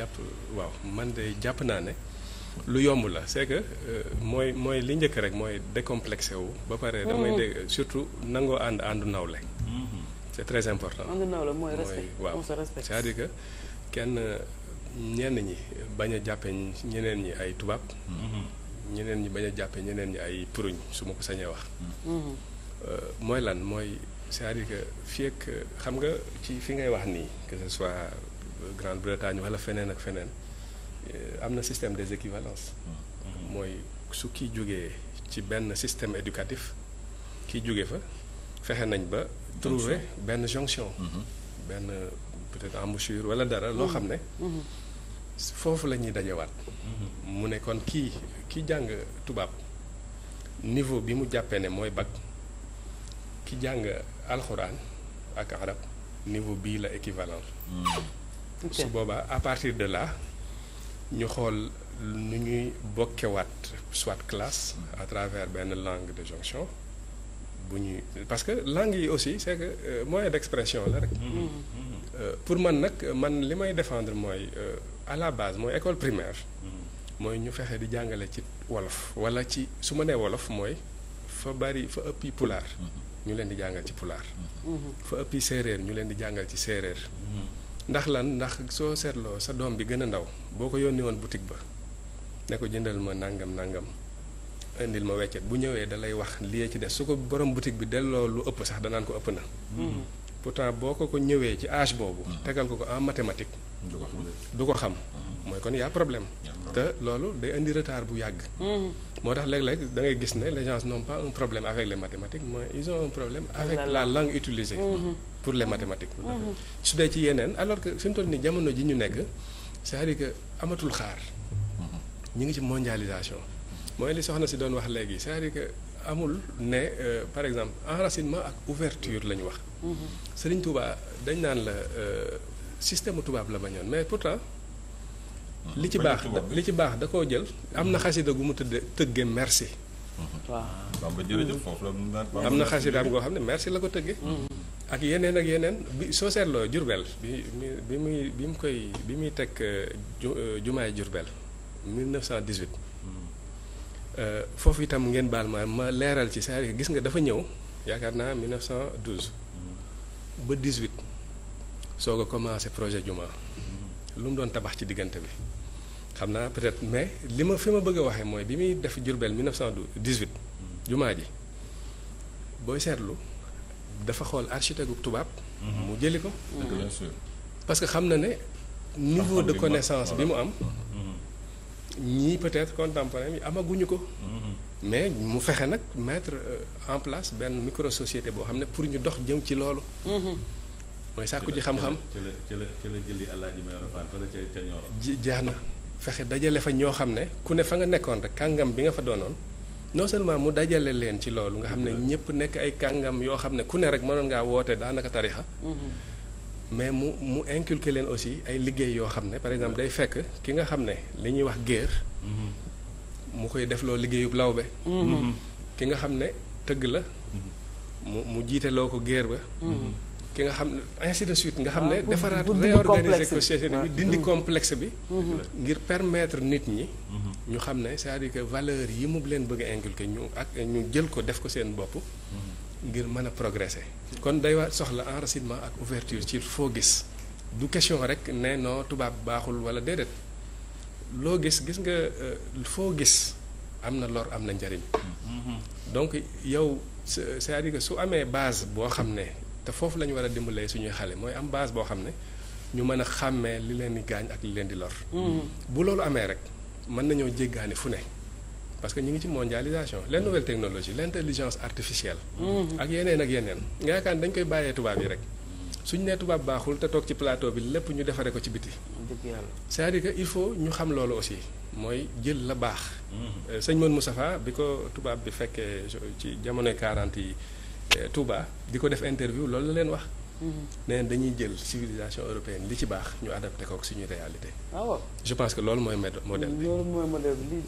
jàpp waaw man de jàpp naa ne lu yomb la c'est que euh, mooy mooy li njëkk rek mooy décomplexé wu ba pare mm-hmm. damay dégg surtout nangoo ànd àndu nawle mm-hmm. c'est très important àndu nawle waaw c'est-à-dire que kenn ñenn ñi bañ a jàppe ñeneen ñi ay tubaab mm-hmm. ñeneen ñi bañ a jàppe ñeneen ñi ay puruñ su ma ko sañee wax euh, mooy lan mooy c'est-à-dire que fii ak xam nga ci fi ngay wax nii que ce soit Grande-Bretagne wala feneen ak feneen euh, am na système des équivalences mm-hmm. mooy su kii jógee ci benn système éducatif kii jóge fa fexe nañ ba trouver benn jonction mm-hmm. benn peut-être embouchure wala dara loo mm-hmm. xam ne foofu la ñuy dajewaat mu ne kon kii ki jàng tubaab niveau bi mu jàppee ne mooy bac ki jàng alxuraan ak arab niveau bii la équivalent su boobaa à partir de là ñu xool nu ñuy bokkewaat soit classe à travers benn langue de jonction bu ñuy parce que langue yi aussi c'est que euh, moyen d'expression la rek. Mm-hmm. Euh, pour man nag man li may defendre mooy euh, à la base mooy école primaire. Mm-hmm. mooy ñu fexe di jàngale ci wolof wala ci su ma nee wolof mooy fa bari fa ëpp yi pulaar. Mm-hmm. ñu leen di jàngal ci pulaar. fa ëppi séeréer ñu leen di jàngal ci séeréer. ndax lan ndax soo seetloo sa doom bi gën a ndaw boo ko yónnee woon boutique ba ne ko jëndal ma nangam nangam indil ma weccet bu ñëwee da lay wax lii ci des su ko borom boutique bi delloo lu ëpp sax danaan ko ëpp na. Mm-hmm. pourtant boo ko ko ñëwee ci âge boobu. Mm-hmm. tegal ko ko en mathématique. du ko xam. Mm-hmm. mooy kon y' problème te loolu day indi retard bu yàgg. Mm-hmm. moo tax léeg-léeg da ngay gis ne légence non pas un problème avec les mathématiques mais problème ah, avec la langue utilisée. Mm-hmm. pour les mathématiques. Mm-hmm. su dee ci yeneen alors que fi mu nii jamono ji ñu nekk c'est-à-dire que amatul xaar. ñu ngi ci mondialisation. mooy li soxna si doon wax léegi c'est-à-dire que amul ne euh, par exemple en enracinement ak ouverture la ñu wax. Serigne Touba dañ naan la euh, système tubaab la bañoon mais pour pourtant. li ci baax li ci baax da koo jël am na xasida gu mu tëdd tëgge merci waaw am na xasidaam goo xam ne merci la ko tëgge mm-hmm. ak yeneen ak yeneen bi soo seetloo jurbel bi bi muy bi mu koy bi muy teg euh, euh, jumaay jurbel 1918 mm-hmm. euh, foofu itam ngeen baal ma ma leeral ci saa gis nga dafa ñëw yaakaar naa 1912 mm-hmm. ba 18 soog a commencé projet juma lu mu doon tabax ci diggante bi xam naa peut-être mais li ma fi ma bëgg a waxee mooy bi muy def Jurbel 1918 jumaa ji booy seetlu dafa xool architecte tubaab. Mhm. mu jëli ko. bien parce que xam na ne. niveau de connaissance bi mu am. Mhm. ñii peut-être contemporain yi amaguñu ko. Mhm. mais mu fexe nag mettre euh, en place benn micro boo xam ne pour ñu dox jëm ci loolu. mooy sàkku ji xam-xam la ci la jëli Alaaji Mayoro Fall fa la ji jeex na fexe dajale fa ñoo xam ne ku ne fa nga nekkoon rek kàngam bi nga fa doonoon non seulement mu dajale leen ci loolu nga xam ne ñëpp nekk ay kàngam yoo xam ne ku ne rek mënoon ngaa wootee daanaka tarixa mm-hmm. mais mu mu inculquer leen aussi ay liggéey yoo xam ne par exemple day fekk ki nga xam ne li ñuy wax géer mm-hmm. mu koy def loo liggéeyub lawbe mm-hmm. ki nga xam ne tëgg la mu mu jiite loo ko géer ba ki nga xam ne ainsi nga xam ne ah, defaraat réorganiser ah. dindi complexe bi mm-hmm. ngir permettre nit ñi mm-hmm. ñu xam ne c'est-à-dire valeur yi mu leen bëgg a ñu ak ñu jël ko def ko seen bopp mm-hmm. ngir mën a progresser kon day waa soxla enracinement ak ouverture ci foo gis du question rek ne noo tubaab baaxul wala déedéet loo gis gis nga euh, foo gis am na lor am na njariñ donc yow c'est-à-dire su amee base boo xam ne foofu la ñu war a dimbalee suñuy xale mooy am base boo xam ne ñu mën a xàmmee li leen di gaañ ak li leen di lor. Mm. bu loolu amee rek mën nañoo jéggaani fu ne. parce que ñu ngi ci mondialisation les nouvelles technologies l' intelligence artificielle. Mm. ak yeneen ak yeneen. nga yaakaar dañ koy bàyyee tubaab yi rek suñ nee tubaab baaxul te toog ci plateau bi lépp ñu defaree ko ci biti. c' est à dire il faut ñu xam loolu aussi mooy jël la baax. Mm. Euh, sëñ Mame Moustapha bi ko tubaab bi fekkee ci jamonoy 40 yi. Eh, Touba di ko def interview loolu la leen wax. Mhm. neen dañuy jël civilisation européenne li ci baax ñu adapté ko suñu suñuy réalité. Ah je pense que loolu mooy modèle bi.